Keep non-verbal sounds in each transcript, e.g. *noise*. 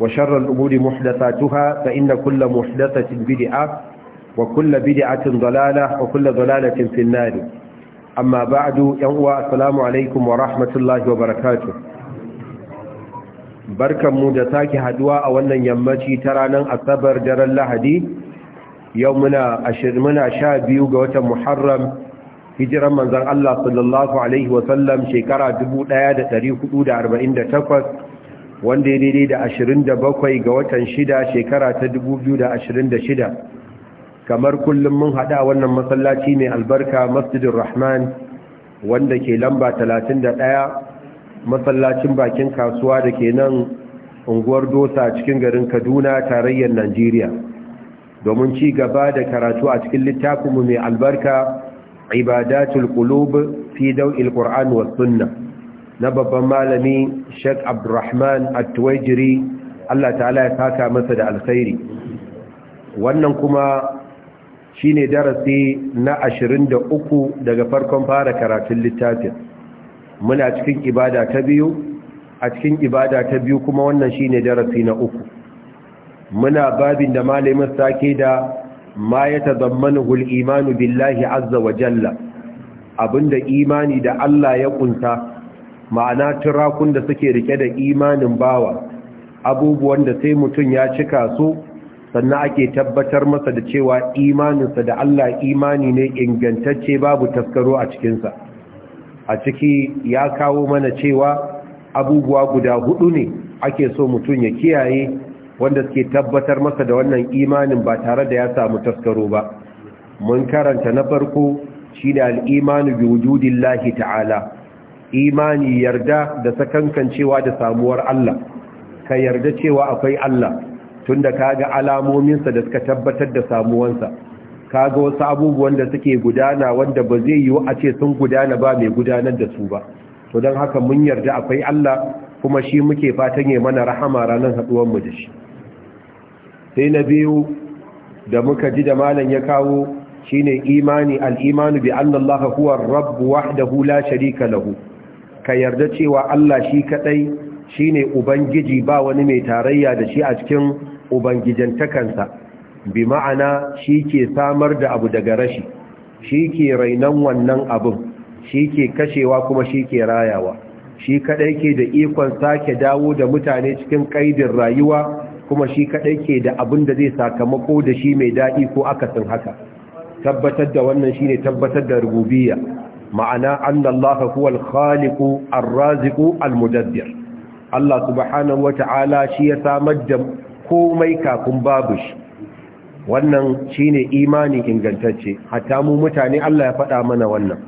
وشر الأمور محدثاتها فإن كل محدثة بدعة وكل بدعة ضلالة وكل ضلالة في النار أما بعد يوم السلام عليكم ورحمة الله وبركاته بركة مدتاك هدواء أولا يمتي ترانا أصبر جرى اللهدي يومنا أشرمنا شابي وقوة محرم hijiran manzan Allah sallallahu Alaihi wasallam shekara 1448 wanda ya daidai da 27 ga watan shida shekara ta 2026 kamar kullum mun haɗa wannan masallaci mai albarka masjidin rahman wanda ke lamba 31 masallacin bakin kasuwa da ke nan unguwar dosa cikin garin kaduna tarayyar najeriya domin ci gaba da karatu a cikin littafinmu mai albarka ibadatul qulub fi daw'il qur'an was sunnah na babban malami Sheikh Abdulrahman at Allah ta'ala ya saka masa da alkhairi wannan kuma shine darasi na 23 daga farkon fara karatun littafin muna cikin ibada ta biyu a cikin ibada ta biyu kuma wannan shine darasi na uku muna babin da malamin sake da ma ya tazammanuhu imanu billahi azza wa jalla abinda imani da Allah ya kunsa ma'ana turakun da suke rike da imanin bawa abubuwan da sai mutum ya cika su sannan ake tabbatar masa da cewa imaninsa da Allah imani ne ingantacce babu taskaro a cikinsa a ciki ya kawo mana cewa abubuwa guda hudu ne ake so mutum ya kiyaye wanda suke tabbatar masa da wannan imanin ba tare da ya samu taskaro ba mun karanta na farko shi da al'imanu bi wujudillahi ta'ala imani yarda da sakankancewa da samuwar Allah ka yarda cewa akwai Allah tunda kaga alamominsa da suka tabbatar da samuwansa kaga wasu abubuwan da suke gudana wanda ba zai yiwu a ce sun gudana ba mai gudanar da su ba to don haka mun yarda akwai Allah kuma shi muke fatan ya mana rahama ranar haduwar mu da shi sai na biyu da muka ji da malam ya kawo shine imani al-imanu bi Allah huwa ar-rabb wahdahu la sharika lahu ka yarda cewa Allah shi kadai ne ubangiji ba wani mai tarayya da shi a cikin ubangijantakansa bi ma'ana shi ke samar da abu daga rashi shi ke rainon wannan abin shi ke kashewa kuma shi ke rayawa shi kadai ke da ikon sake dawo da mutane cikin ƙaidin rayuwa kuma shi kadai ke da abin da zai sakamako da shi mai daɗi ko akasin haka tabbatar da wannan shine tabbatar da rububiyya ma'ana annallaha huwal khaliqu ar-raziqu al mudaddir Allah subhanahu wata'ala shi ya samar da komai kafin babu shi wannan shine imani ingantacce hatta mu mutane Allah ya faɗa mana wannan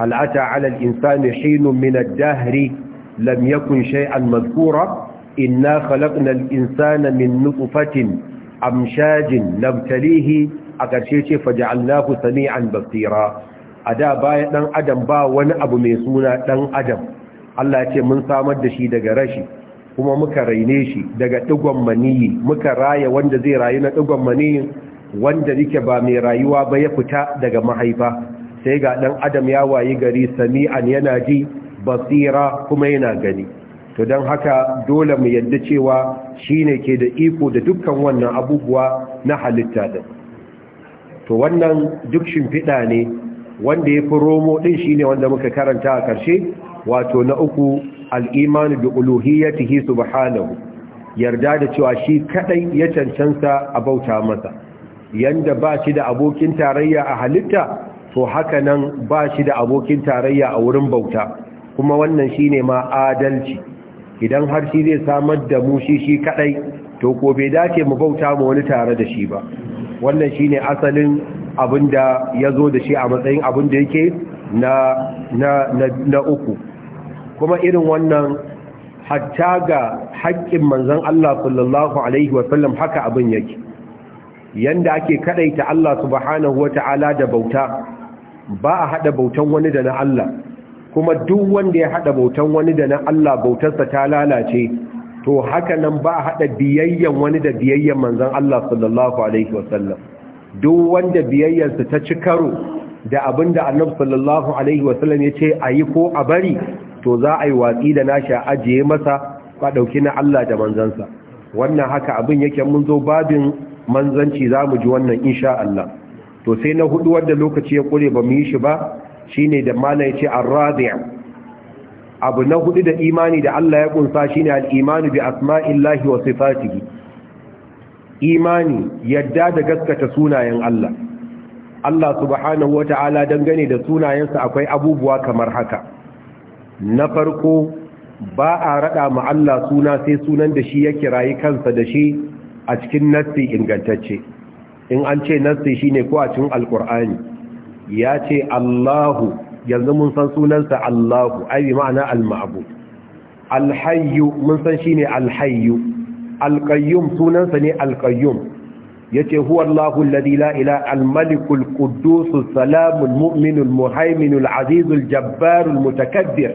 hal ata 'ala al-insani hinun min ad-dahri lam yakun shay'an madhkura inna khalaqna al-insana min nutfatin amshajin nabtalihi a ƙarshe ce faja'alnahu sami'an basira a da baya ɗan adam ba wani abu mai suna ɗan adam Allah ce mun samar da shi daga rashi kuma muka raine shi daga digon maniyi muka raya wanda zai rayu na digon maniyin wanda rike ba mai rayuwa ba ya fita daga mahaifa sai ga ɗan adam ya wayi gari sami'an yana ji basira kuma yana gani to don haka dole mu yadda cewa shine ke da iko da dukkan wannan abubuwa na halitta din to wannan duk shimfiɗa ne wanda ya fi romo ɗin shi ne wanda muka karanta a ƙarshe wato na uku al'imanu bi uluhiyatihi subhanahu yarda da cewa shi kaɗai ya cancanta a bauta masa yanda ba shi da abokin tarayya a halitta to haka nan ba shi da abokin tarayya a wurin bauta kuma wannan shi ne ma adalci idan har shi zai samar da mu shi shi kaɗai to ko bai dace mu bauta mu wani tare da shi ba wannan shi ne asalin abin da ya zo da shi a matsayin abin da yake na uku kuma irin wannan hatta ga haƙƙin manzan Allah sallallahu Alaihi wasallam haka abin yake yanda ake kaɗaita Allah subhanahu wata'ala da bauta ba a haɗa bautan wani da na Allah kuma duk wanda ya haɗa bautan wani da na Allah bautarsa ta lalace to haka nan ba a haɗa biyayyen wani da biyayyen manzan Allah sallallahu Alaihi wasallam duk wanda biyayyarsa ta ci karo da abin da annabi sallallahu alaihi wasallam ya ce a yi ko a bari to za a yi watsi da nashi a ajiye masa ba ɗauki na Allah da manzansa wannan haka abin yake mun zo babin manzanci za mu ji wannan insha Allah to sai na hudu wanda lokaci ya kure ba mu yi shi ba shine da mala ya ce ar abu na hudu da imani da Allah ya kunsa shine al-imanu bi asma'illahi wa sifatihi imani yadda da gaskata sunayen Allah Allah subhanahu wata'ala dangane da sunayensa akwai abubuwa kamar haka na farko ba a rada ma Allah suna sai sunan da shi ya kirayi kansa da shi a cikin nassi ingantacce in an ce nassi shine ko a cikin alkur'ani ya ce Allahu yanzu mun san sunansa Allahu ai bi ma'ana al-ma'bud al hayy mun san shine al hayy alƙayyum sunansa ne alƙayyum ya ce huwallahu ladila ila almalikul kudusu salamun mu'minul muhaiminul azizul jabbarul mutakabbir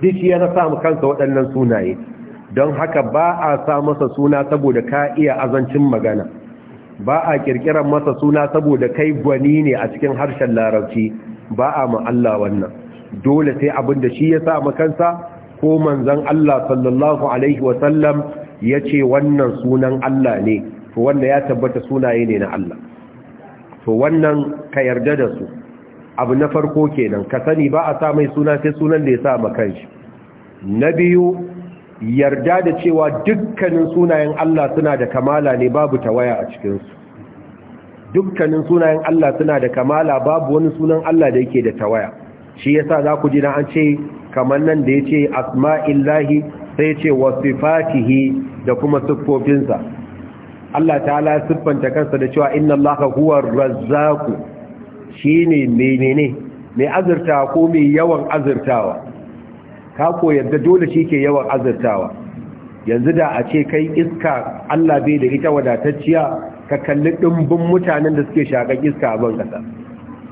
duk ya samu kansa waɗannan sunaye don haka ba a sa masa suna saboda ka iya azancin magana ba a masa suna saboda kai gwani ne a cikin harshen larabci ba a ma'alla wannan dole sai abin da shi ya sa makansa ko manzan Allah sallallahu Alaihi wasallam ya ce wannan sunan Allah ne to wanda ya tabbata sunaye ne na Allah to wannan ka yarda da su abu na farko kenan ka sani ba a sa mai suna sai sunan da ya sa kan shi. na biyu yarda da cewa dukkanin sunayen Allah suna da kamala ne babu tawaya a cikinsu dukkanin sunayen Allah suna da kamala babu wani sunan Allah da yake da tawaya shi yasa za ku ji na an ce kamar nan da ya ce asma'illahi sai ce wa sifatihi da kuma siffofinsa Allah ta'ala siffanta kansa da cewa inna Allah huwa shi shine menene mai azurta ko mai yawan azurtawa ka ko yadda dole shi ke yawan azurtawa yanzu da a ce kai iska Allah bai da ita wadatacciya ka kalli ɗumbin mutanen da suke shakan iska a ban kasa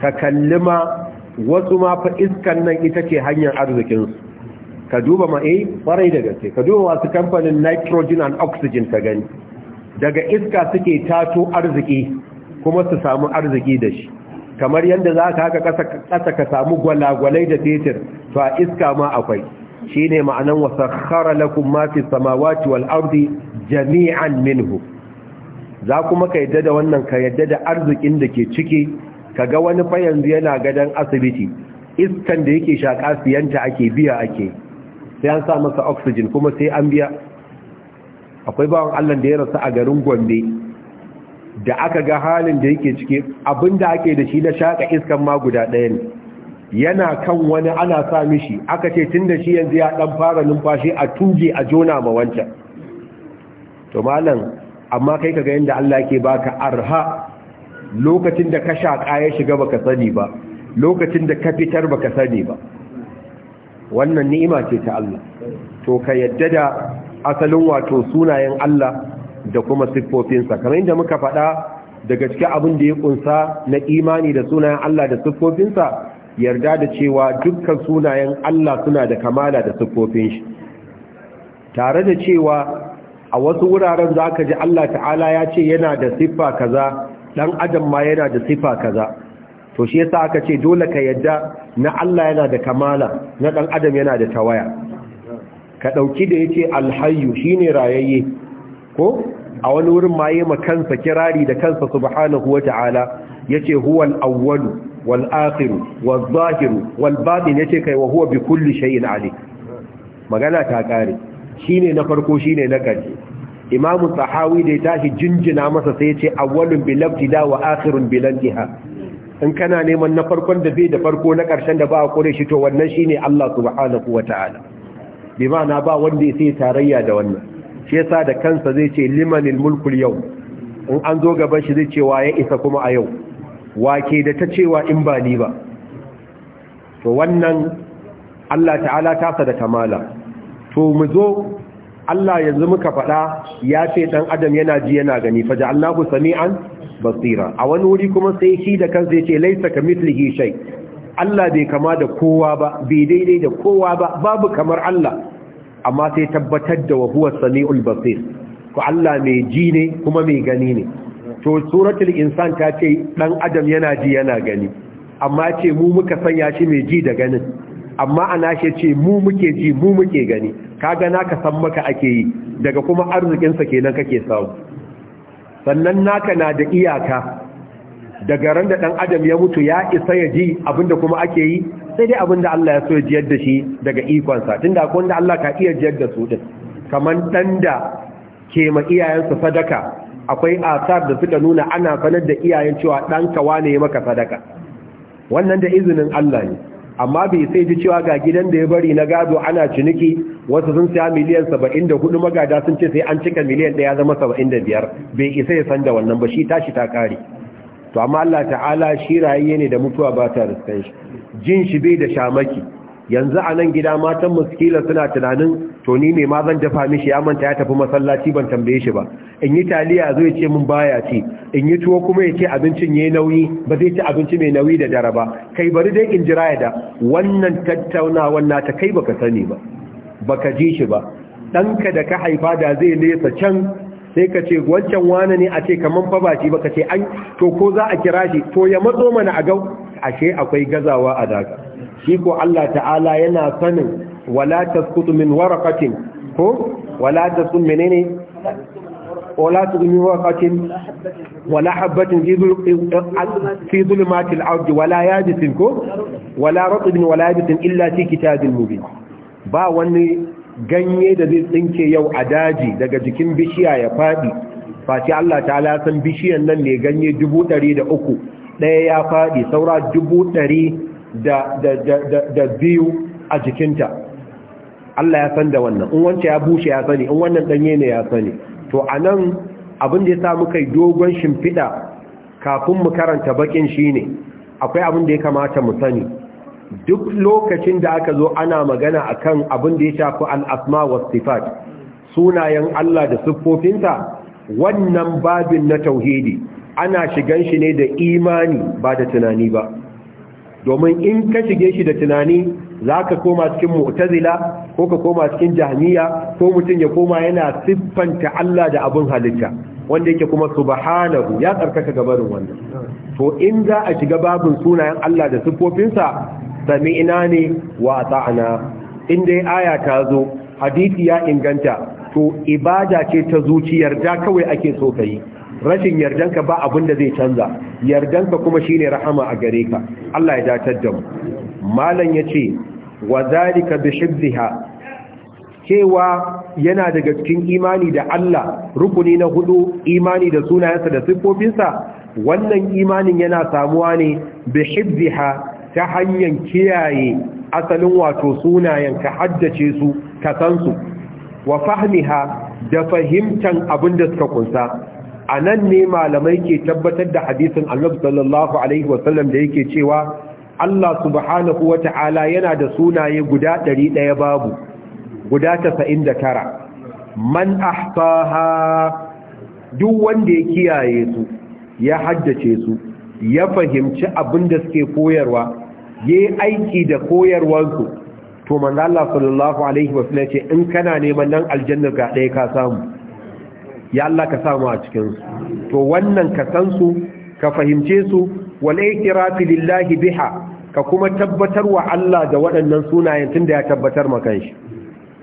ka kalli ma wasu ma fa iskan nan ita ce hanyar arzikinsu ka duba ma eh, kwarai da gaske ka duba wasu kamfanin nitrogen and oxygen ka gani daga iska suke tato arziki kuma su samu arziki da shi kamar yadda za ka haka ƙasa ka samu gwalagwalai da fetur to a iska ma akwai shi ne ma'anan wasa kara lakun mafi samawaci wal ardi jami'an minhu za kuma ka yadda da wannan ka yadda da arzikin da ke ciki ka ga wani fa yana gadon asibiti iskan da yake shaƙa siyanta ake biya ake sai an sa masa oxygen kuma sai an biya akwai bawan Allah da ya rasa a garin Gombe da aka ga halin da yake ciki abinda ake da shi na shaka iskan ma guda ɗaya ne yana kan wani ana sa mishi aka ce tun da shi yanzu ya ɗan fara numfashi a tuge a jona ma wancan to malam amma kai ka ga yanda Allah yake baka arha lokacin da ka shaka ya shiga baka sani ba lokacin da ka fitar baka sani ba wannan ni'ima ce ta Allah to ka yadda da asalin wato sunayen Allah da kuma siffofinsa kamar inda muka faɗa daga cikin abin da ya kunsa na imani da sunayen Allah da siffofinsa yarda da cewa dukkan sunayen Allah suna da kamala da siffofin shi tare da cewa a wasu wuraren za ka ji Allah ta'ala ya ce yana da siffa kaza ɗan adam ma yana da siffa kaza to shi yasa aka ce dole ka yadda na Allah yana da kamala na dan adam yana da tawaya ka dauki da yace alhayyu shine rayayye ko a wani wurin ma ma kansa kirari da kansa subhanahu wata'ala yace huwal awwalu wal akhir wal zahir wal batin yace kai wa huwa bi kulli shay'in alim magana ta kare shine na farko shine na karshe imamu sahawi da ya tashi jinjina masa sai yace awwalun lafdi da wa akhirun bi intiha in kana neman na farkon da bai da farko na ƙarshen da ba a kore shi to wannan shi ne Allah subhanahu wataala bi ma'ana ba wanda sai tarayya da wannan shi sa da kansa zai ce limanin mulkul yau in an zo gaban shi zai ce wa ya isa kuma a yau Wa ke da ta cewa in ba ni ba to wannan Allah ta'ala tasa da kamala to mu zo Allah yanzu muka faɗa ya ce ɗan adam yana ji yana gani faja sami an. basira a wani wuri kuma sai shi da kansa ce laisa kamithlihi shay Allah bai kama da kowa ba bai daidai da kowa ba babu kamar Allah amma sai tabbatar da wa huwa samiul basir ko Allah mai ji ne kuma mai gani ne to suratul insan ta ce dan adam yana ji yana gani amma ce mu muka sanya shi mai ji da ganin amma ana shi ce mu muke ji mu muke gani kaga naka san maka ake yi daga kuma arzikin sa kenan kake samu sannan naka na da iyaka daga ran da ɗan adam ya mutu ya isa ya ji abinda kuma ake yi sai dai abinda Allah ya so ya jiyar da shi daga ikonsa tunda akwai wanda Allah ka iya jiyar da su din kaman dan da ke ma sa sadaka akwai asar da suka nuna ana sanar da iyayen cewa ka wane ya maka sadaka wannan da izinin Allah ne amma bai sai ji cewa ga gidan da ya bari na gado ana ciniki wasu sun siya miliyan 74 magada sun ce sai an cika miliyan 1 ya zama 75 bai isa ya san da wannan ba shi tashi ta kare to amma Allah ta'ala shi ne da mutuwa ba ta riskan shi jin shi bai da shamaki yanzu a nan gida matan muskila suna tunanin to ni ne ma zan dafa mishi ya manta ya tafi masallaci ban tambaye shi ba in yi taliya zo ya ce mun baya ci in yi tuwo kuma ya ce abincin yayi nauyi ba zai ci abinci mai nauyi da dare kai bari dai in jira ya da wannan tattaunawa na ta kai baka sani ba baka ji shi ba ɗanka da ka haifa da zai nesa can sai ka ce wancan wani ne a ce kaman fa ba shi ka ce an to ko za a kira shi to ya matso mana a gau ashe akwai gazawa a daga shi ko Allah ta'ala yana sanin wala tasqutu min waraqatin ko wala tasqu menene wala tasqu min waraqatin wala habatin fi dhulumatil ardi wala yajisin ko wala ratbin wala yajisin illa fi kitabin mubin ba wani ganye da zai tsinke yau a daji daga jikin bishiya ya fadi face Allah ta'ala san bishiyan nan ne ganye dubu ɗari da uku ɗaya ya faɗi saura dubu ɗari da biyu a jikinta Allah ya san da wannan in wancan ya bushe ya sani in wannan danye ne ya sani to anan abin da ya sa muka yi dogon shimfiɗa kafin mu karanta bakin ne, akwai abin da ya kamata mu sani duk lokacin da aka zo ana magana akan abin da ya shafi al'asma wa sifat sunayen Allah da siffofinsa wannan babin na tauhidi ana shigan shi ne da imani ba da tunani ba domin in ka shige shi da tunani za ka koma cikin mu'tazila ko ka koma cikin jahmiya ko mutum ya koma yana siffanta Allah da abin halitta wanda yake kuma subhanahu ya tsarkaka gabarin wannan to in za a shiga babin sunayen Allah da siffofinsa sami'ina ne wa ta'ana in dai aya ta zo hadisi ya inganta to ibada ce ta zuciyar da kawai ake so ka yi rashin yardanka ba abin da zai canza yardanka kuma shine rahama a gare ka Allah ya datar da mu malam yace wa zalika bi shibdiha cewa yana daga cikin imani da Allah rukuni na hudu imani da sunayensa da sifofinsa wannan imanin yana samuwa ne bi shibdiha ta hanyar kiyaye asalin wato sunayen ka haddace su ka san su wa fahmiha da fahimtan abin da suka kunsa a nan ne malamai ke tabbatar da hadisin annabi sallallahu alaihi wasallam da yake cewa Allah subhanahu wa ta'ala yana da sunaye guda ɗari babu guda tasa'in da tara man ahsaha duk wanda ya kiyaye su ya haddace su ya fahimci abin da suke koyarwa ya aiki da koyarwarsu to manzo Allah sallallahu alaihi wasallam ce in kana neman nan aljanna ga ɗaya ka samu ya Allah ka samu a cikinsu to wannan ka san su ka fahimce su wal ikirafi lillahi biha ka kuma tabbatar wa Allah da waɗannan sunayen tunda ya tabbatar maka shi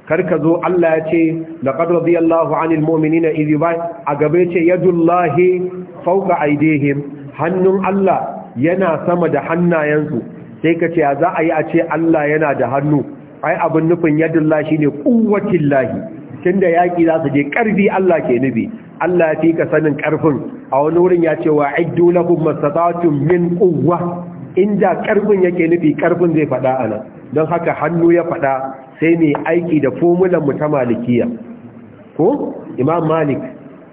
kar ka zo Allah ya ce laqad radiyallahu anil mu'minina idh a gabe ce yadullahi fawqa aydihim hannun Allah yana sama da hannayensu sai ka ce za a yi a ce Allah yana da hannu ai abin nufin yadullahi shine quwwatil lahi da yaƙi za su je ƙarfi Allah ke nufi Allah ya fika sanin ƙarfin. a wani wurin ya ce wa na kuma sabatun min quwwa inda karfin yake nufi ƙarfin zai fada ana don haka hannu ya faɗa sai ne aiki da fomulan mu malikiya ko imam malik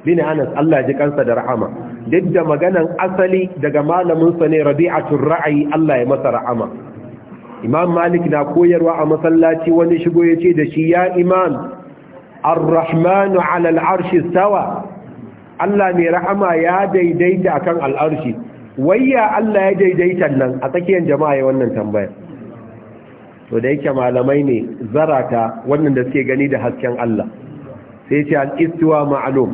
bin anas Allah ji kansa da rahama duk da maganan asali daga ne rabi ne rabi'atul ra'ayi Allah ya masa rahama imam malik na koyarwa a masallaci wani shigo ya ce da shi ya imam ar-rahmanu arshi Sawa, Allah mai rahama ya daidaita akan al'arshi wayya Allah ya daidaita nan a tsakiyar jama'a ya wannan tambayar? to da yake malamai ne zarata wannan da suke gani da hasken Allah sai ce al-istiwa ma'lum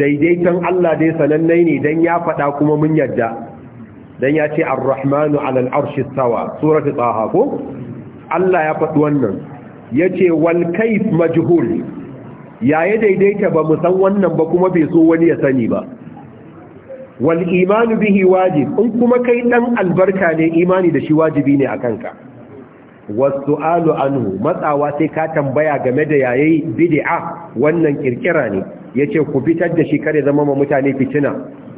daidaitan Allah dai sananne ne dan ya faɗa kuma mun yadda dan ya ce ar-rahmanu 'ala arshi Sawa, surati taha ko Allah ya faɗi wannan yace wal kayf majhul yaya daidaita ba mu san wannan ba kuma bai so wani ya sani ba wal imanu bihi wajib in kuma kai dan albarka ne imani da shi wajibi ne a kanka alu anhu matsawa sai ka tambaya game da yayi bidi'a wannan kirkira ne yace ku fitar da shi kare zama ma mutane fitina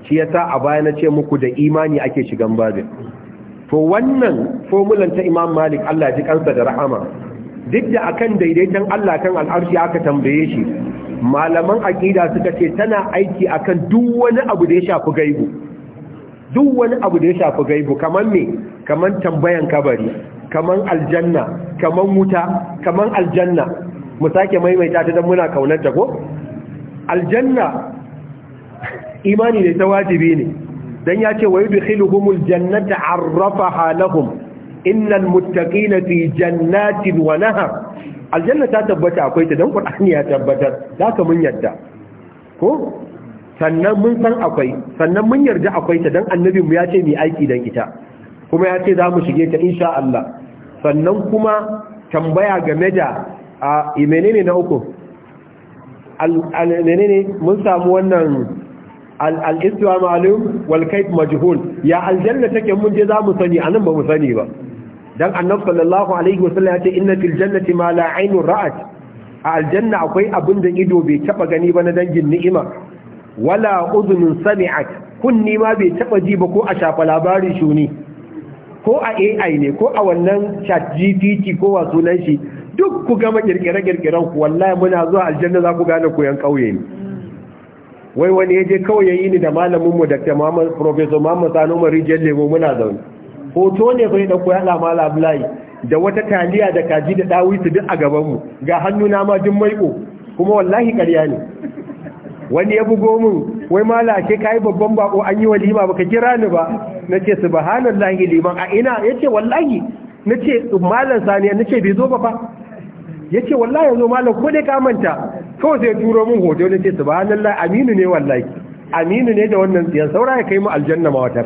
shi yasa a baya na ce muku da imani ake shigan babin to wannan formulan ta Imam Malik Allah ji kansa da rahama duk da akan daidaiton Allah kan al'arshi aka tambaye shi malaman aqida suka ce tana aiki akan duk wani abu da ya shafi gaibu duk wani abu da ya shafi gaibu kaman me kaman tambayan kabari kaman aljanna kaman wuta kaman aljanna mu sake maimaita ta dan muna kaunar ta ko aljanna *laughs* imani ne ta wajibi ne dan ya ce wa yudkhiluhumul jannata arrafaha lahum innal muttaqina fi jannatin wa nahar aljanna ta tabbata akwai ta dan qur'ani ya tabbatar ka mun yarda ko sannan mun san akwai sannan mun yarda akwai ta dan annabi mu ya ce mu aiki dan ita kuma ya ce za mu shige ta insha Allah sannan kuma tambaya game da a menene na uku al menene mun samu wannan al-istiwa ma'lum wal kayf majhul ya aljanna take mun je za mu sani anan ba mu sani ba dan annabi sallallahu alaihi wasallam ya ce inna fil jannati ma la aynu ra'at a aljanna akwai abin da ido bai taba gani ba na dangin ni'ima wala udhun sami'at kunni ma bai taba ji ba ko a shafa labari shuni ko a AI ne ko a wannan chat GPT ko wa sunan shi duk ku gama kirkire-kirkiren ku wallahi muna zuwa aljanna za ku gane koyan kauye ne wai wani ya je kauye yi ni da malamin mu Dr. Muhammad Professor Muhammad Sanu Marijelle Lemo muna zaune hoto ne bai da koya da mala da wata taliya da kaji da dawisu duk a gaban mu ga hannuna ma duk maiko kuma wallahi ƙarya ne wani ya bugo min wai mala ake kai babban bako an yi walima baka kira ni ba nace subhanallahi liman a ina yace wallahi nace malan saniya nace bai zo ba fa yace wallahi yanzu malam ko dai ka manta kawai sai turo min hoto nace subhanallahi aminu ne wallahi aminu ne da wannan tsiyan saura ya kai mu aljanna ma wata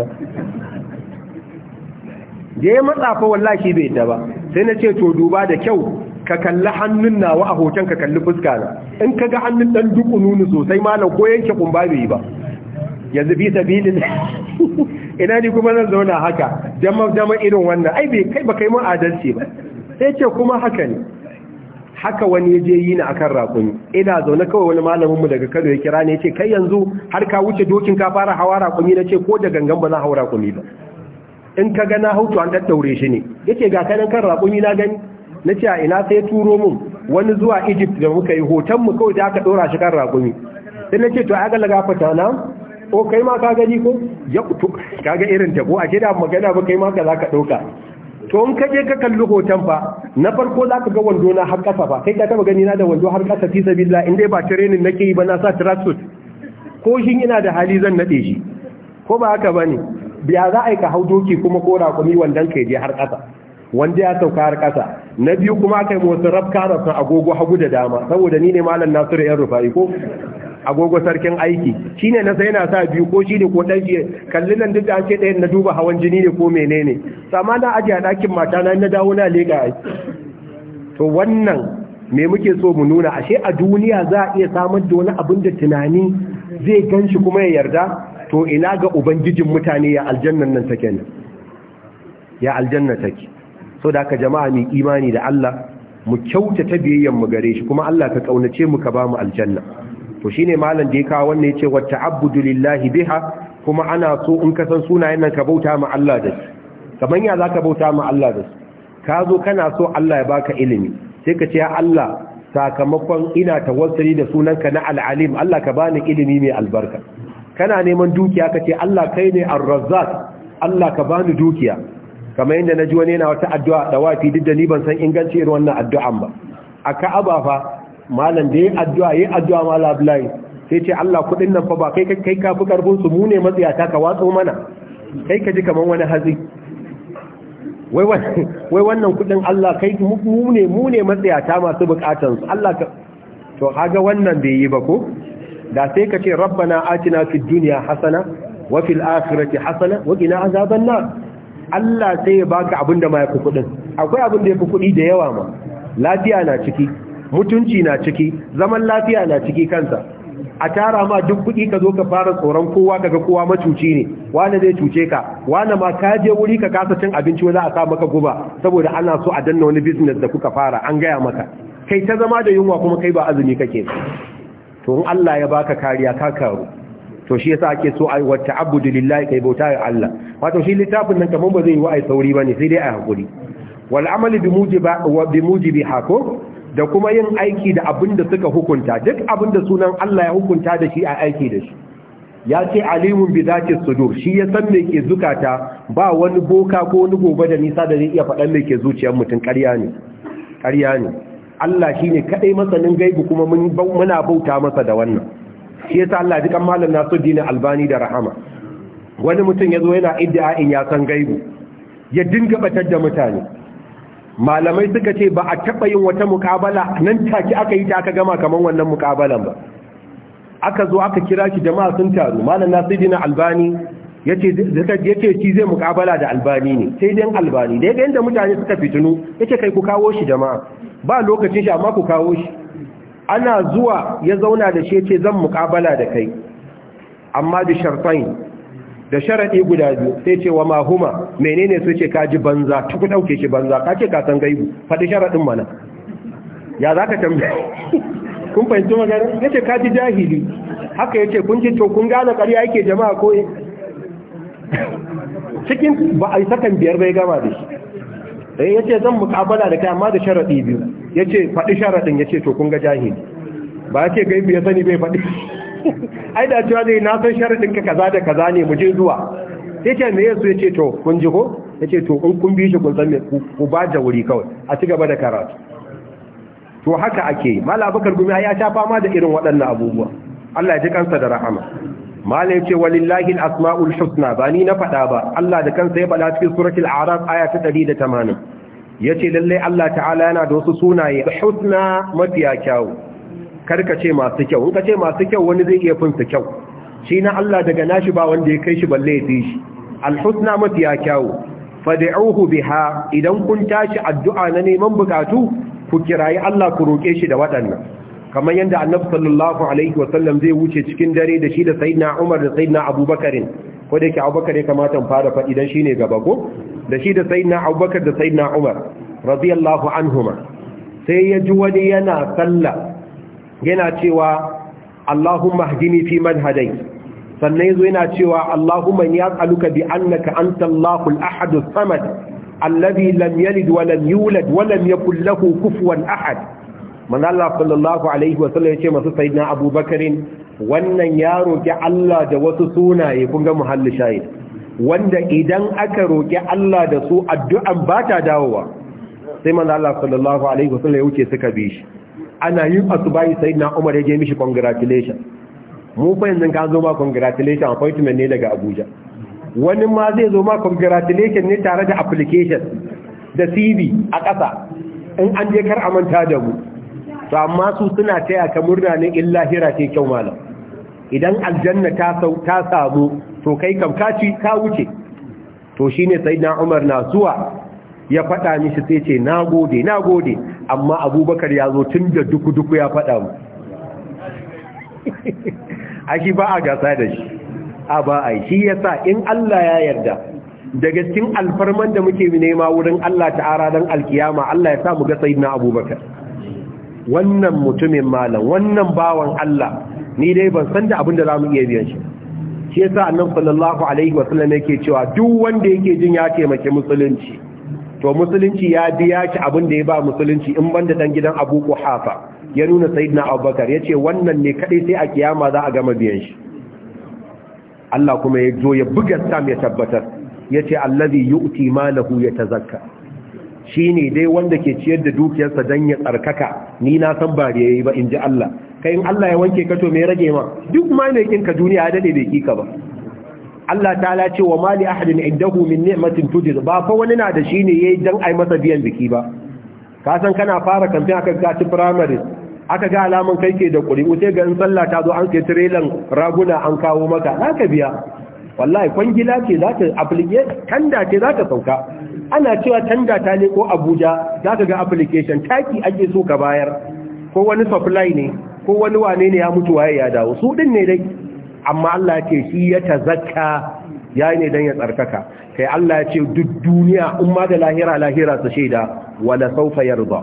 da ya matsa fa wallahi bai ta ba sai na ce to duba da kyau ka kalli hannun nawa a hoton ka kalli fuska na in ka ga hannun dan duk nunu sosai malam ko yanke kumba bai ba yanzu bi sabilin *laughs* ina ni kuma nan zauna haka dama dama irin wannan ai bai kai ba kai mun adalci ba sai ce kuma haka ne haka wani ya ya yi na akan rakun ina zaune kawai wani malamin mu daga Kano ya kira ne yace kai yanzu har ka wuce dokin ka fara hawa na ce, ko da gangan ba za haura rakuni ba in ka ga na hutu an daddaure shi ne yace ga kanan kan raƙumi na gani na ce a ina sai turo mun wani zuwa Egypt da muka yi hoton mu kawai da aka ɗora shi kan raƙumi sai na ce to aga laga fata na ko kai ma ka gani ko ya kutu kaga irin ta ko a da magana ba kai ma ka zaka ɗauka to in ka je ka kalli hoton fa na farko za ka ga wando na har ƙasa fa kai ka taba gani na da wando har ƙasa fi sabilla in dai ba training nake yi ba na sa tracksuit ko shin ina da hali zan nade shi ko ba haka bane biya za a yi ka hau doki kuma ko kuma wandan ka je har ƙasa wanda ya sauka har ƙasa na biyu kuma aka yi motsin rafka sun agogo hagu da dama saboda ni ne malam nasiru yan rufa'i ko agogo sarkin aiki Shi ne na sai na sa biyu ko shi ne ko ɗan shi kalli nan duk da an ce ɗayan na duba hawan jini ne ko menene sama na ajiye a ɗakin mata na na dawo na leƙa to wannan me muke so mu nuna ashe a duniya za a iya samar da wani abin da tunani zai gan shi kuma ya yarda to ina ga ubangijin mutane ya aljannan nan take ne ya aljanna take so da haka jama'a mu imani da Allah mu kyautata biyayyan mu gare shi kuma Allah ka kaunace mu ka ba mu aljanna to shine malam da ya kawo wannan yace wa ta'abbudu lillahi biha kuma ana so in ka san sunayen nan ka bauta ma Allah da su kaman ya zaka bauta ma Allah da su ka zo kana so Allah ya baka ilimi sai ka ce ya Allah sakamakon ina tawassuli da sunanka na al Allah ka bani ilimi mai albarka kana neman dukiya ka ce Allah kai ne ar-razzaq Allah ka bani dukiya kamar yadda naji wani yana wata addu'a da wafi duk da ni ban san inganci irin wannan addu'an ba a Ka'aba fa malam da yayi addu'a yayi addu'a malam Abdullahi sai ce Allah kudin nan fa ba kai kai ka fi karfin su mu ne matsiyata ka watso mana kai ka ji kaman wani hazi wai *laughs* wannan kudin Allah kai mu ne mu ne masu bukatansu Allah ka to kaga wannan bai yi ba ko da sai ka ce rabbana atina fid dunya hasana wa fil akhirati hasana wa qina azaban nar Allah sai ya baka abin da ma yafi kudin akwai abin da yafi kudi da yawa ma lafiya na ciki mutunci na ciki zaman lafiya na ciki kansa a tara ma duk kudi ka zo ka fara tsoron kowa kaga kowa macuci ne wani zai cuce ka wani ma ka je wuri ka kasa cin abinci wanda a sa maka guba saboda ana so a danna wani business da kuka fara an gaya maka kai ta zama da yunwa kuma kai ba azumi kake to in Allah ya baka kariya ka karu to shi yasa ake so ai wata abudu lillahi kai bauta ga Allah wato shi littafin nan kaman ba zai yi wa ai sauri bane sai dai ai hakuri wal amali bi mujiba wa bi mujibi hako da kuma yin aiki da abinda suka hukunta duk abinda sunan Allah ya hukunta da shi a aiki da shi ya ce alimun bi zati sudur shi ya san me ke zukata ba wani boka ko wani gobe da nisa da zai iya faɗan me ke zuciyar mutum ƙarya ne ƙarya ne Allah shi ne kaɗai matsanin gaibu kuma muna bauta masa da wannan shi yasa Allah kan malam dina Albani da rahama wani mutum ya zo yana ain ya san gaibu ya dinga batar da mutane malamai suka ce ba a taɓa yin wata mukabala nan take aka yi ta aka gama kamar wannan mukabalan ba aka zo aka kira shi jama'a sun taru malam dina Albani yace shi zai mukabala da albani ne sai dan albani da yaga yanda mutane suka fitinu yace kai ku kawo shi jama'a ba lokacin shi amma ku kawo shi ana zuwa ya zauna da shi yace zan mukabala da kai amma da sharfain da sharadi guda biyu sai ce wa mahuma menene su ce kaji banza tuku dauke shi banza kace ka san gaibu fadi sharadin mana ya zaka tambaye *laughs* kun fahimci magana yace kaji jahili haka yace kun ji to kun gane ƙarya yake jama'a ko eh? cikin ba a yi sakan biyar bai gama da shi sai ya ce zan mukabala da kai amma da sharaɗi biyu ya ce faɗi sharaɗin ya ce to kun ga jahili ba ya ce gaibu ya sani bai faɗi *laughs* ai da cewa zai na san sharaɗin ka kaza da kaza ne mu je zuwa ya ce mai yasu ya ce to kun ji ko ya ce to in kun bi shi kun san ku ba da wuri kawai a ci gaba da karatu to haka ake mala abakar gumi ya sha fama da irin waɗannan abubuwa Allah ya ji kansa da rahama malai ce walillahi al-asma'ul husna ba ni na faɗa ba Allah da kansa ya fada cikin suratul a'raf aya ta 180 yace lalle Allah ta'ala yana da wasu sunaye husna mafiya kyau karka ce masu kyau in ka ce masu kyau wani zai iya funsa kyau shi na Allah daga nashi ba wanda ya kai shi balle ya shi al-husna mafiya kyau fad'uhu biha idan kun tashi addu'a na neman bukatu ku kirayi Allah ku roke shi da waɗannan kamar yadda annabi sallallahu alaihi wasallam zai wuce cikin dare da shi da sayyidina Umar da sayyidina Abubakarin ko da yake Abubakar ya kamata mu fara faɗi dan shine gaba ko da shi da sayyidina Abubakar da sayyidina Umar radiyallahu anhuma sai ya ji wani yana sallah yana cewa Allahumma hdini fi man hadai sannan yazo yana cewa Allahumma inni as'aluka bi annaka antal lahul ahad as-samad alladhi lam yalid wa lam yulad wa lam yakul lahu kufuwan ahad manzo Allah sallallahu alaihi wasallam ce masu sayyidina na abubakarin wannan ya roƙi Allah da wasu sunaye kun ga muhalli shahid wanda idan aka roƙi Allah da su addu'an ba ta dawowa sai manzo Allah sallallahu alaihi wasallam ya wuce suka bi shi ana yi sai sayyidina Umar ya je mishi congratulation mu fa yanzu ka zo ma congratulation appointment ne daga Abuja wani ma zai zo ma congratulation ne tare da application da CV a ƙasa in an je kar a manta da mu to amma su suna taya ka murna ne illa hira ke kyau malam idan aljanna ta ta samu to kai kam ka ci ka wuce to shine sayyidina Umar na zuwa ya faɗa mishi sai ce nagode nagode amma Abubakar ya zo tun da duku duku ya faɗa mu ashi *laughs* ba a gasa da shi a ba a shi yasa in Allah ya yarda daga cikin alfarman da muke nema wurin Allah ta'ala dan alkiyama Allah ya sa mu ga sayyidina Abubakar wannan mutumin malam wannan bawan Allah ni dai ban san da abin da zamu iya biyan shi shi yasa annabi sallallahu alaihi wasallam yake cewa duk wanda yake jin ya taimake musulunci to musulunci ya biya ki abin da ya ba musulunci in banda dan gidan Abu Quhafa ya nuna sayyidina Abubakar yace wannan ne kadai sai a kiyama za a gama biyan shi Allah kuma ya zo ya buga sam ya tabbatar yace allazi yu'ti malahu yatazakka Shi ne dai wanda ke ciyar da dukiyarsa dan ya tsarkaka ni na san ba da ya yi ba in ji Allah kai in Allah ya wanke ka to me rage ma duk ma mai kin ka duniya dade bai kika ba Allah ta'ala ce wa mali ahadin indahu min ni'matin tujiz ba fa wani na da shi ne yayi dan ai masa biyan biki ba ka san kana fara kamfin aka ga ci primary aka ga alaman kai ke da ƙuri'u sai ga in sallah ta zo an sai tirelan raguna an kawo maka za biya wallahi kwangila ce za ta kanda ce za ta sauka ana cewa tanda ta ne ko abuja za ka ga application taki ake so ka bayar ko wani supply ne ko wani wane ne ya mutu waye ya dawo su din ne dai amma Allah ya ce shi ya tazakka ya ne dan ya tsarkaka kai Allah ya ce duk duniya in da lahira lahira su shaida wala saufa yarda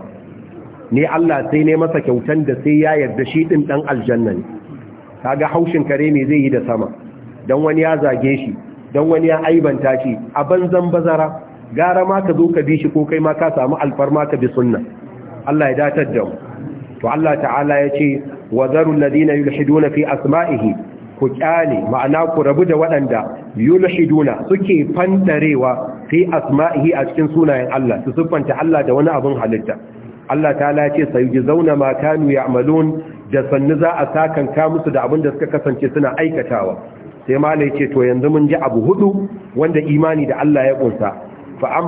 ne Allah sai ne masa kyautan da sai ya yarda shi din dan aljanna ne kaga haushin kare me zai yi da sama dan wani ya zage shi dan wani ya aibanta shi a banzan bazara gara ma ka zo ka bi shi ko kai ma ka samu alfarma ka bi sunna Allah ya datar da mu to Allah ta'ala ya ce wa zaru alladhina yulhiduna fi asma'ihi ku kyale ma'ana ku rabu da waɗanda yulhiduna suke fandarewa fi asma'ihi a cikin sunayen Allah su siffanta Allah da wani abin halitta Allah ta'ala ya ce zauna ma kanu ya'malun da sannu za a sakan ka musu da abin da suka kasance suna aikatawa sai malai ce to yanzu mun ji abu hudu wanda imani da Allah ya kunsa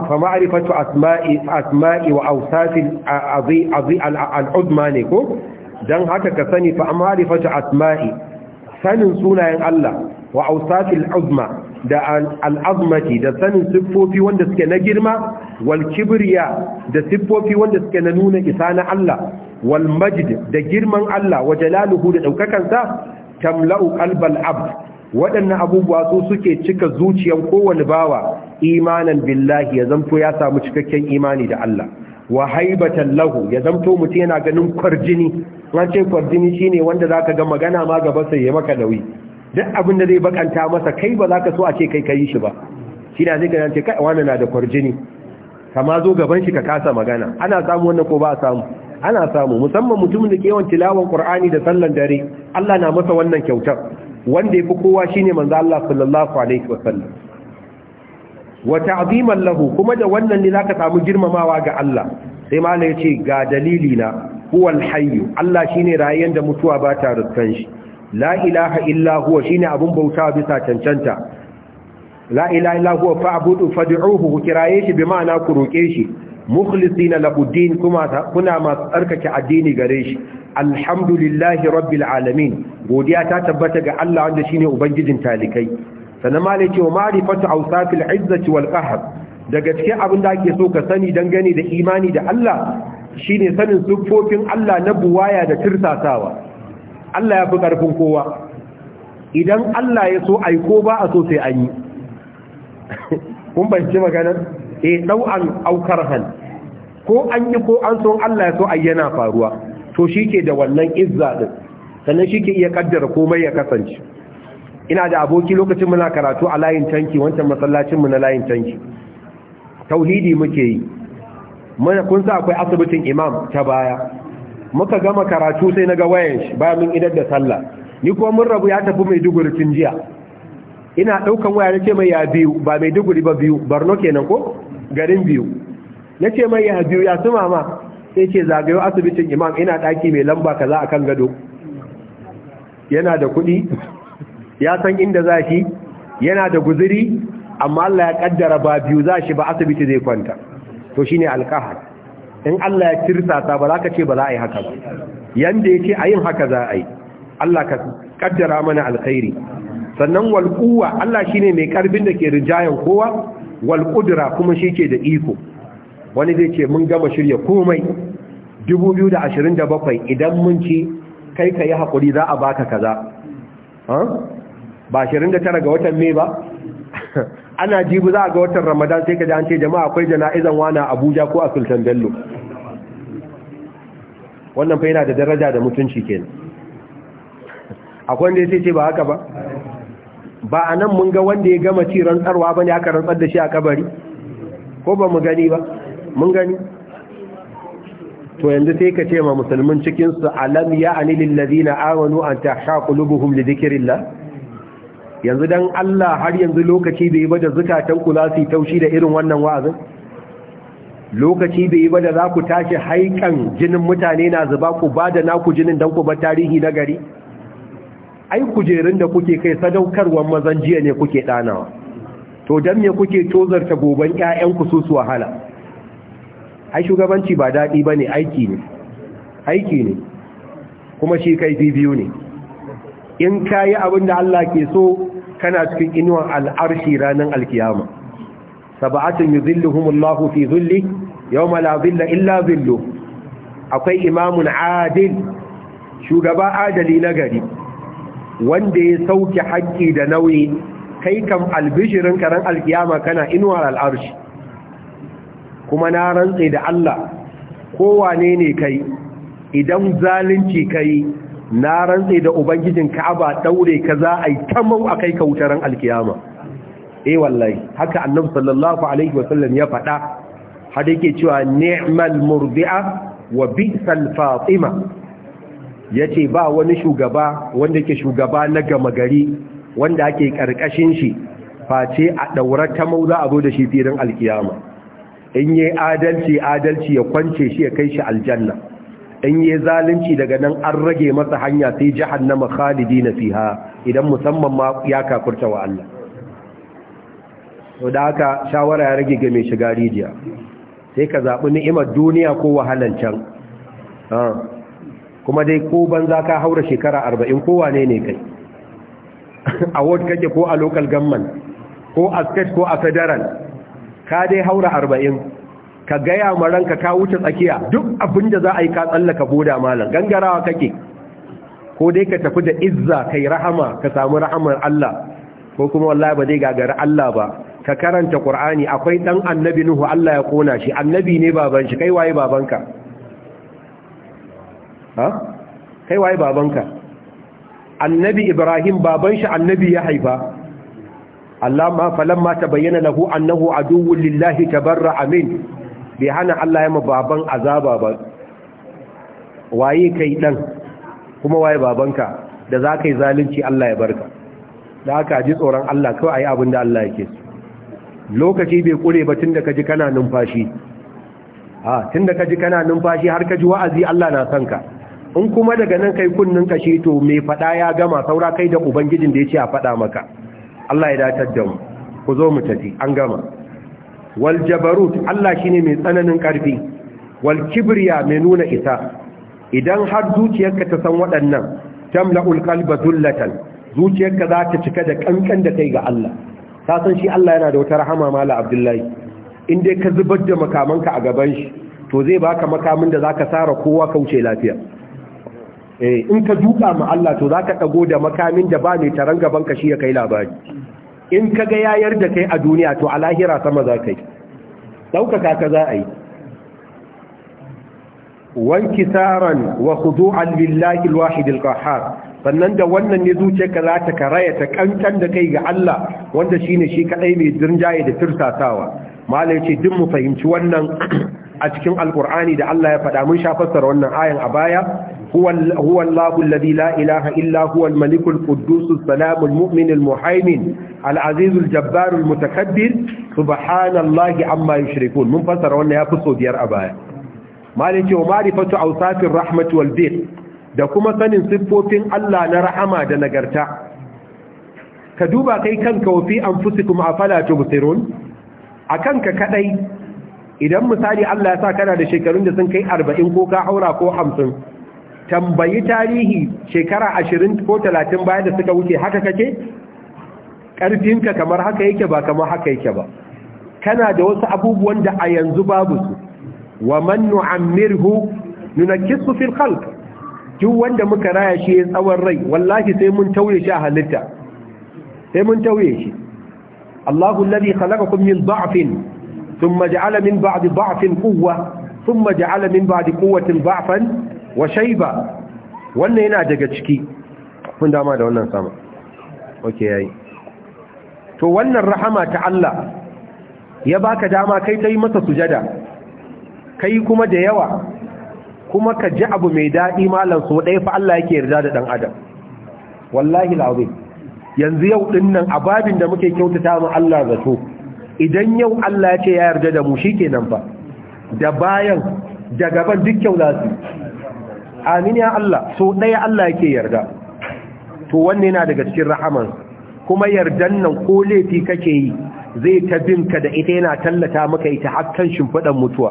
فمعرفة أسماء, أسماء وأوصاف العظمى نكو دان هكا كسني Asma'i. Sanin sunayen Allah wa Ausafil-Uzma da al'azmati da sanin siffofi wanda suke na girma wal kibriya da siffofi wanda suke na nuna isa na Allah wal majid da girman Allah wa jalaluhu da ɗaukakansa, tamla'u qalbal abd waɗannan abubuwa su suke cika zuciyar kowane bawa imanan billahi ya zanto ya samu cikakken imani da Allah wa haibatan lahu ya zanto mutum yana ganin kwarjini an ce kwarjini shine wanda zaka ga magana ma gaba sai ya maka nauyi duk abin da zai bakanta masa kai ba zaka so a ce kai kai shi ba shi da zai ga ce kai wannan na da kwarjini kama zo gaban shi ka kasa magana ana samu wannan ko ba a samu ana samu musamman mutumin da ke yawan tilawan Qur'ani da sallan dare Allah na masa wannan kyautar wanda yafi kowa shine manzo Allah sallallahu alaihi wasallam wa ta'ziman lahu kuma da wannan ne zaka samu girmamawa ga Allah sai mala yace ga dalili na huwal hayyu. Allah shine rayan da mutuwa ba ta ruskan shi la ilaha illa huwa shine abun bauta bisa cancanta la ilaha illa huwa fa'budu fad'uhu ku kiraye shi bi ma'ana ku roke shi mukhlisina lahu din kuma kuna masu tsarkake addini gare shi alhamdulillahi rabbil alamin godiya ta tabbata ga Allah wanda shine ubangijin talikai sannan ma ce wa ma'rifatu awsafil izzati wal qahr daga cikin abin da ake so ka sani dangane da imani da Allah shine sanin sufofin Allah na buwaya da tirsasawa Allah ya fi karfin kowa idan Allah ya so aiko ba a so sai an yi *laughs* kun banci magana eh dau'an aukar ko an yi ko an so Allah ya so ayyana faruwa to shi ke da wannan izza din sannan shi ke iya kaddara komai ya kasance ina da aboki lokacin muna karatu a layin tanki wancan masallacinmu na layin tanki tauhidi muke yi Muna kun sa akwai asibitin imam ta baya muka gama karatu sai na ga wayan shi bayan mun idar da sallah ni kuma mun rabu ya tafi mai duguri tun jiya ina daukan waya nace mai ya biyu ba mai duguri ba biyu barno kenan ko garin biyu nace mai ya biyu ya su mama sai ce zagayo asibitin imam ina daki mai lamba kaza a kan gado yana da kuɗi ya san inda za shi yana da guziri amma Allah ya kaddara ba biyu za shi ba asibiti zai kwanta to shine alkahar in Allah ya ta ba za ka ce ba za a yi haka ba yanda ya ce a yin haka za a yi Allah ka kaddara mana alkhairi sannan wal Allah shine mai karbin da ke rijayen kowa wal kuma shi ke da iko wani zai ce mun gama shirya komai 2027 idan mun ci kai ka yi haƙuri za a baka kaza ba 29 ga watan mai ba *laughs* ana jibu za a ga watan ramadan sai ka ji an ce jama'a akwai jana'izan wana abuja ko a sultan bello wannan fa yana da daraja da mutunci kenan akwai wanda ya ce ba haka ba ba a nan mun ga wanda ya gama ci rantsarwa ba ne aka rantsar da shi a kabari ko ba mu gani ba mun gani to yanzu sai ka ce ma musulmin cikin su alam ya anilil ladina amanu an tahsha qulubuhum li dhikrillah yanzu dan Allah har yanzu lokaci bai ba da zakatan su taushi da irin wannan wa'azin lokaci bai ba da za ku tashi haikan jinin mutane na zuba ku ba da naku jinin dan ku ba tarihi na gari ai kujerun da kuke kai sadaukarwar mazan jiya ne kuke danawa to dan me kuke tozarta goban ƴaƴan ku su su wahala ai shugabanci ba daɗi ba ne aiki ne aiki ne kuma shi kaifi biyu ne in ka yi abin da Allah ke so kana cikin inuwan al'arshi ranar alkiyama saba'atin yi zilluhumullahu fi zulli yau mala zilla illa zillu akwai imamun adil shugaba adali na gari wanda ya sauke haƙƙi da nauyi kai kam albishirin karan alkiyama kana inuwar al'arshi kuma na rantse da Allah kowane ne kai idan zalunci kai na rantse da ubangijin ka'aba daure ka za a yi tamau a kai kautaran alkiyama eh wallahi haka annabi sallallahu alaihi wasallam ya faɗa har yake cewa ni'mal murdi'a wa bi'sal fatima yace ba wani shugaba wanda ke shugaba na gama gari wanda ake karkashin shi face a daura ta za a zo da shi firin alkiyama in yi adalci adalci ya kwance shi ya kai shi aljanna in yi zalunci daga nan an rage masa hanya sai jahannama khalidi na fiha idan musamman ma ya kafurta wa Allah da haka shawara ya rage game shiga rijiya sai ka zaɓi ni'imar duniya ko wahalan can ah. kuma dai ko ban za ka haura shekara arba'in ko wane ne kai *laughs* a wadda kake ko a local government ko a state ko a federal ka dai haura arba'in ka gaya ma ranka ka wuce tsakiya duk abin da za a yi ka tsallaka boda malam gangarawa kake ko dai ka tafi da izza kai rahama ka samu rahamar Allah ko kuma wallahi ba zai gagari Allah ba ka karanta Qur'ani akwai dan annabi Nuhu Allah ya kona shi annabi ne baban shi kai waye babanka ha kai waye babanka annabi Ibrahim baban shi annabi ya haifa allama falamma tabayyana lahu annahu aduwwun lillahi tabarra-amin. bai hana Allah yama baban azaba ba waye kai dan kuma waye babanka da za ka yi zalunci Allah ya barka da aka ji tsoron Allah kawai ayi abinda Allah yake lokaci bai kure ba tunda kaji kana numfashi a tunda kaji kana numfashi har kaji wa'azi Allah na son ka in kuma daga nan kai kunnin kashi to me fada ya gama saura kai da ubangijin da yace a fada maka Allah ya datar da mu ku zo mu tafi an gama wal jabarut Allah shine mai tsananin karfi wal kibriya mai nuna isa idan har zuciyarka ta san waɗannan tamla'ul qalba dullatan zuciyarka za ta cika da kankan da kai ga Allah ka san shi Allah yana da wata rahama mala Abdullahi in dai ka zubar da makamanka a gaban shi to zai baka makamin da zaka sara kowa kauce lafiya Eh, in ka duka ma Allah to zaka ɗago da makamin da ba mai taran gaban ka shi ya kai labari in ka ga yayar da kai a duniya to a lahira sama za ka yi daukaka ka za a yi wanki tsaron wa khudu'an lillahi alwahid alqahhar sannan da wannan ne zuciyarka za ta karaya ta kankan da kai ga Allah wanda shine shi kadai mai dirjaye da tirsasawa malai yace duk mu fahimci wannan a cikin alqur'ani da Allah ya faɗa mun sha fassara wannan ayan a baya هو الله الذي لا إله إلا هو الملك القدوس السلام المؤمن المحيمن العزيز الجبار المتكبر سبحان الله عما يشركون من فسر وانا يفسو ديار أبايا مالك ومعرفة أوصاف الرحمة والبيت da kuma sanin siffofin Allah na rahama da nagarta ka duba kai kanka wafi anfusikum afala tubsirun akan ka kadai idan misali Allah ya sa kana da shekarun da sun kai 40 ko ka haura ko hamsin. tambayi tarihi shekara ashirin ko talatin baya da suka wuce haka kake ƙarfinka kamar haka yake ba kamar haka yake ba kana da wasu abubuwan da a yanzu babu su wa man nu'ammirhu nunakisu fil khalq duk wanda muka raya shi ya tsawon rai wallahi sai mun tauye shi a halitta sai mun tauye shi Allahu alladhi khalaqakum min dha'fin thumma ja'ala min ba'di dha'fin quwwa thumma ja'ala min ba'di quwwatin dha'fan wa shaiba wannan yana daga ciki kun dama da wannan sama oke yayi to wannan rahama ta Allah ya baka dama kai ta yi masa sujada kai kuma da yawa kuma ka ji abu mai daɗi malam so fa Allah yake yarda da ɗan adam wallahi alazim yanzu yau din nan a babin da muke kyautata mu Allah zato idan yau Allah ya ce ya yarda da mu shikenan fa da bayan da gaban duk kyau za su amin ya Allah so ɗaya Allah yake yarda to wanne yana daga cikin rahaman kuma yardan nan ko laifi kake yi zai ta bin ka da ita yana tallata maka ita hakkan shimfiɗan mutuwa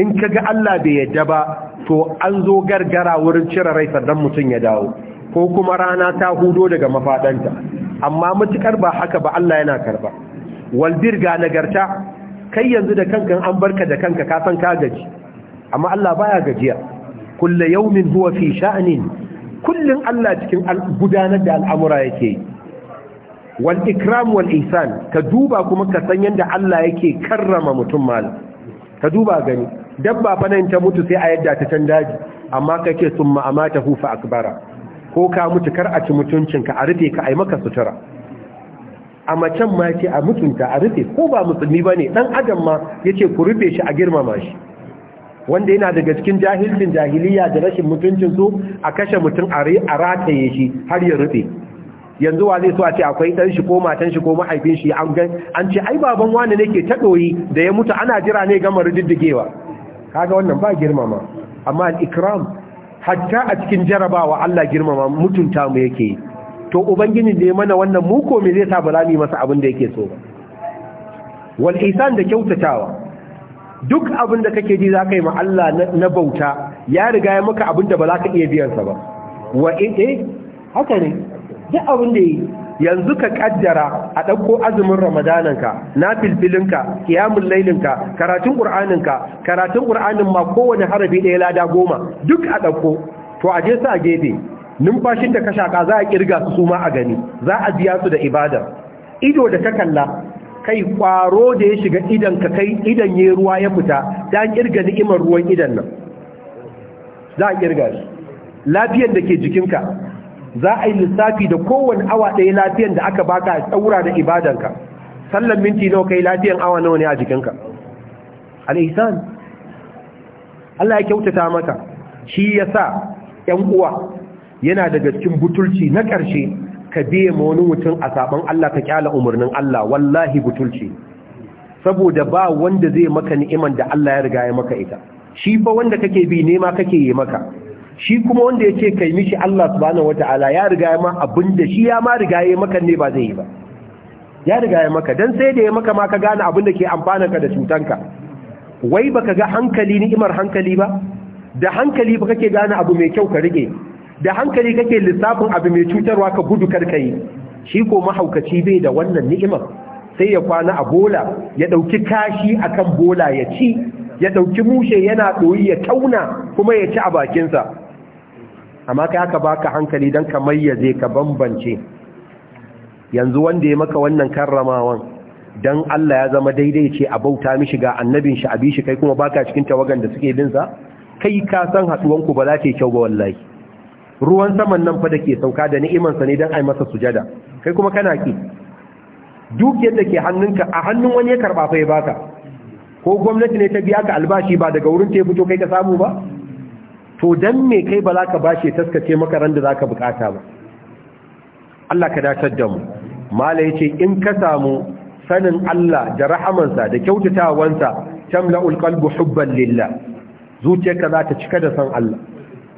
in ka ga Allah bai yarda ba to an zo gargara wurin cire rai sannan mutum ya dawo ko kuma rana ta hudo daga mafaɗanta amma mutukar ba haka ba Allah yana karba waldirga ga nagarta kai yanzu da kanka an barka da kanka ka san ka gaji amma Allah baya gajiya kulle yaumin huwa fi sha'anin kullum Allah cikin gudanar da al'amura yake yi wal ikram wal ihsan ka duba kuma ka san yadda Allah yake karrama mutum mal ka duba gani dabba fa nan ta mutu sai a yadda ta can daji amma kake summa amata hu fa akbara ko ka mutu kar a ci mutuncinka a rufe ka ai maka sutura a macen ma ce a mutunta a rufe ko ba musulmi bane dan adam ma ce ku rufe shi a girmama shi wanda yana daga cikin jahilcin jahiliya da rashin mutuncin su a kashe mutum a rataye shi har ya rufe yanzu wa zai so a ce akwai dan shi ko matan shi ko mahaifin shi an ga an ce ai baban wani ne ke ta doyi da ya mutu ana jira ne gama riddigewa kaga wannan ba girmama amma al-ikram hatta a cikin jarabawa Allah girmama mutunta mu yake yi to ubangiji da ya mana wannan mu ko me zai sa bala ni masa abin da yake so ba wal ihsan da kyautatawa duk abin da kake ji za ka yi ma Allah na bauta ya riga ya maka abin da ba za ka iya biyansa ba wa ɗe eh, haka ne duk abin da yi yanzu ka kaddara a ɗauko azumin ramadananka na filfilinka kiyamun lailinka karatun ƙur'aninka karatun ƙur'anin ma kowane harabi ɗaya lada goma duk a ɗauko to a je su a gefe numfashin da ka shaƙa za a ƙirga su ma a gani za a biya su da ibada. ido da ka kalla kai kwaro da ya shiga idan ka kai idan ya ruwa ya fita a kirga ni'imar ruwan idan nan za a kirga shi lafiyar da ke jikinka za a yi lissafi da kowane awa ɗaya lafiyar da aka baka a tsaura da ibadanka sallan minti nawa kai lafiyar awa nawa ne a jikinka al'isan Allah ya kyautata maka shi ya sa ‘yan uwa yana daga cikin butulci na ƙarshe ka biye ma wani mutum a sabon Allah ka kyala umarnin Allah wallahi butulci saboda ba wanda zai maka ni'iman da Allah ya riga ya maka ita shi fa wanda kake bi nema kake yi maka shi kuma wanda ya ce kai mishi Allah subhanahu wata'ala ya riga ya ma abinda shi ya ma riga ya maka ne ba zai yi ba ya riga ya maka dan sai da ya maka ma ka gane abinda ke amfana ka da cutanka wai baka ga hankali ni'imar hankali ba da hankali ba kake gane abu mai kyau ka rike da hankali kake lissafin abu mai cutarwa ka gudu karka yi shi ko mahaukaci bai da wannan ni'imar sai ya kwana a bola ya ɗauki kashi a kan bola ya ci ya ɗauki mushe yana ɗoyi ya tauna kuma ya ci a bakinsa amma kai aka baka hankali don ka mayyaze ka bambance yanzu wanda ya maka wannan karramawan don Allah ya zama daidai ce a bauta mishi ga annabin shi abi shi kai kuma baka cikin tawagan da suke binsa kai ka san haɗuwanku ba za ta yi kyau ba wallahi ruwan saman nan fa da ke sauka da ni'imansa ne don ai masa sujada kai kuma kana ki Duk yadda ke hannunka a hannun wani ya karba fa ya baka ko gwamnati ne ta biya ka albashi ba daga wurin ta to kai ka samu ba to dan me kai ba za ka bashi taskace maka ran da za ka bukata ba Allah ka datar da mu mala yace in ka samu sanin Allah da rahamansa da kyautatawansa tamla'ul qalbu hubban lillah zuciyarka za ta cika da san Allah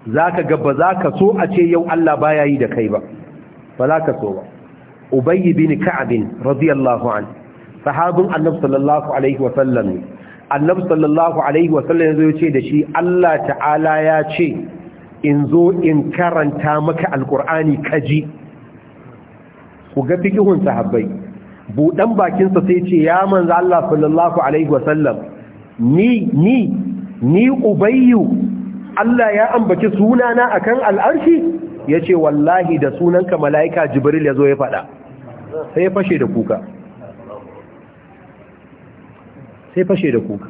za ka ga ba za ka so a ce yau Allah baya yi da kai ba ba za ka so ba ubayy bin ka'abin radiyallahu an sahabin annabi sallallahu alaihi wa sallam ne annabi sallallahu alaihi wa sallam ya ce da shi Allah ta'ala ya ce in zo in karanta maka alqur'ani kaji ku ga fikihun sahabbai budan bakinsa sai ce ya manza Allah sallallahu alaihi wa sallam ni ni ni ubayyu Allah ya ambaci sunana akan al'arshi ya ce wallahi da sunanka mala'ika jibril ya zo ya faɗa sai ya fashe da kuka sai fashe da kuka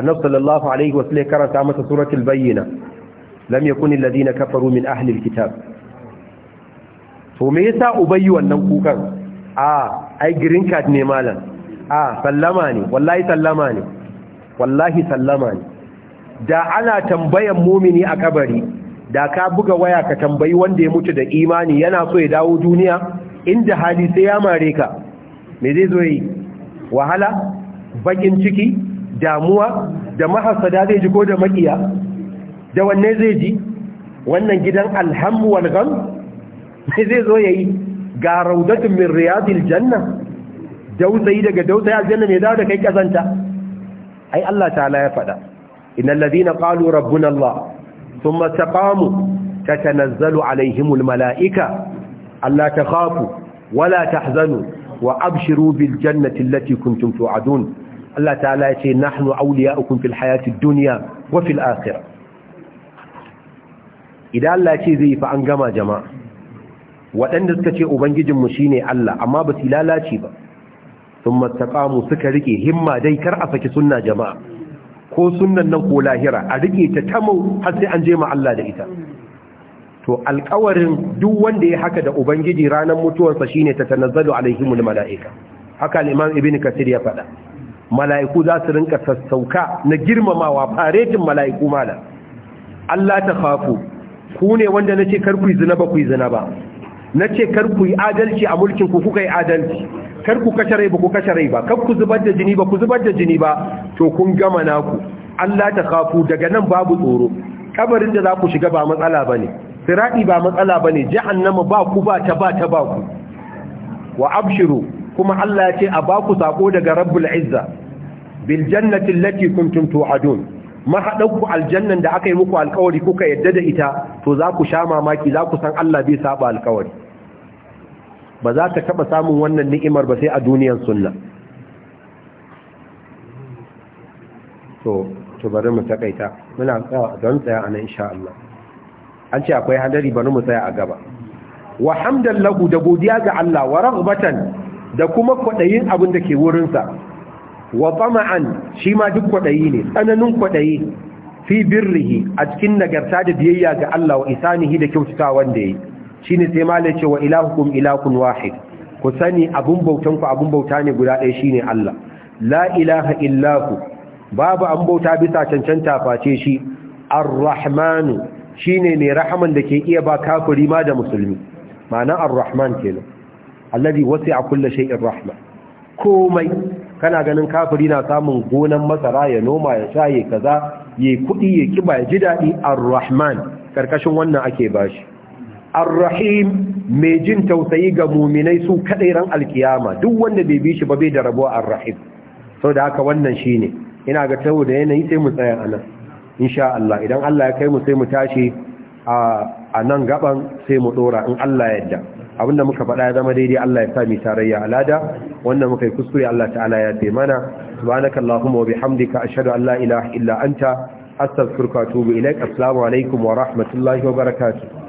annabi sallallahu alaihi wasallam karanta masa suratul bayyina lam yakun na kafaru min ahli kitab. to me sa ubayi wannan kukan a ai green card ne malam a sallama ne wallahi sallama ne wallahi sallama ne da ana tambayan mumini a kabari da ka buga waya ka tambayi wanda ya mutu da imani yana so ya dawo duniya inda hali sai ya mare ka me zai zo yi wahala bakin ciki damuwa da mahasada zai ji ko da makiya da wanne zai ji wannan gidan alhammu wal gham me zai zo yayi ga raudatun min riyadil janna dausayi daga dausayi aljanna me da kai kazanta ai Allah ta'ala ya faɗa innal ladina qalu rabbuna Allah thumma taqamu tatanazzalu alaihimul malaika alla takhafu wala tahzanu wa abshiru bil jannati allati kuntum tu'adun Allah ta'ala yace nahnu awliya'ukum fil hayati dunya wa fil akhirah idan Allah zai fa an gama jama'a waɗanda suka ce ubangijinmu shine Allah amma ba su lalace ba sun mattaƙamu suka rike himma dai kar a saki sunna jama'a ko sunan nan ko lahira a rike ta tamau har sai an je ma Allah da ita to alƙawarin duk wanda ya haka da ubangiji ranar mutuwarsa shine ta tanazzalu alaihimul mala'ika haka al-imam ibn kathir ya faɗa mala'iku za su rinka sassauka na girmamawa faretin mala'iku mala Allah ta khafu ku ne wanda nace kar ku zina ba ku zina ba na ce kar ku yi adalci a mulkin ku kuka yi adalci kar ku kashe rai ba ku kashe rai ba kar ku zubar da jini ba ku zubar da jini ba to kun gama naku Allah ta kafu daga nan babu tsoro kabarin da za ku shiga ba matsala ne. Siraɗi ba matsala bane jahannama ba ku ba ta ba ta ba ku wa abshiru kuma Allah ya ce a ba ku sako daga rabbul izza bil jannati allati kuntum tu'adun mahaɗanku aljannan da aka yi muku alkawari kuka yadda da ita to za ku sha mamaki za ku san Allah bai saba alkawari ba za ta taba samun wannan ni'imar ba sai a duniyar sunna to to bari mu takaita muna tsawa don tsaya nan insha Allah an ce akwai hadari bari mu tsaya a gaba wa hamdan da godiya ga Allah wa raghbatan da kuma kwadayin abin da ke wurin sa wa tama'an shi ma duk kwadayi ne tsananin kwadayi fi birrihi a cikin nagarta da biyayya ga Allah wa isanihi da kyautata wanda yayi ne sai malai cewa ilahukun ilahukum ilahun wahid ku sani abun bautan ku abun bauta ne guda ɗaya Shi ne Allah la ilaha illahu babu an bauta bisa cancanta face shi ar shi shine ne rahaman da ke iya ba kafuri ma da musulmi ma'ana ar-rahman kenan alladhi kulle kulli shay'in rahma komai kana ganin kafuri na samun gonan masara ya noma ya sha ya kaza ya kudi ya kiba ya ji daɗi arrahman ƙarƙashin wannan ake bashi ar mai jin tausayi ga muminai su kaɗai ran alkiyama duk wanda bai bi shi ba bai da rabo ar-rahim da haka wannan shine ina ga tawo da yanayi sai mu tsaya anan insha Allah idan Allah ya kai mu sai mu tashi a nan gaban sai mu ɗora in Allah ya yarda abinda muka faɗa ya zama daidai Allah ya sa mu tarayya alada wannan muka yi kuskure Allah ta'ala ya ce mana subhanakallahumma wa bihamdika ashhadu an la ilaha illa anta astaghfiruka wa atubu ilaik assalamu alaikum wa rahmatullahi wa barakatuh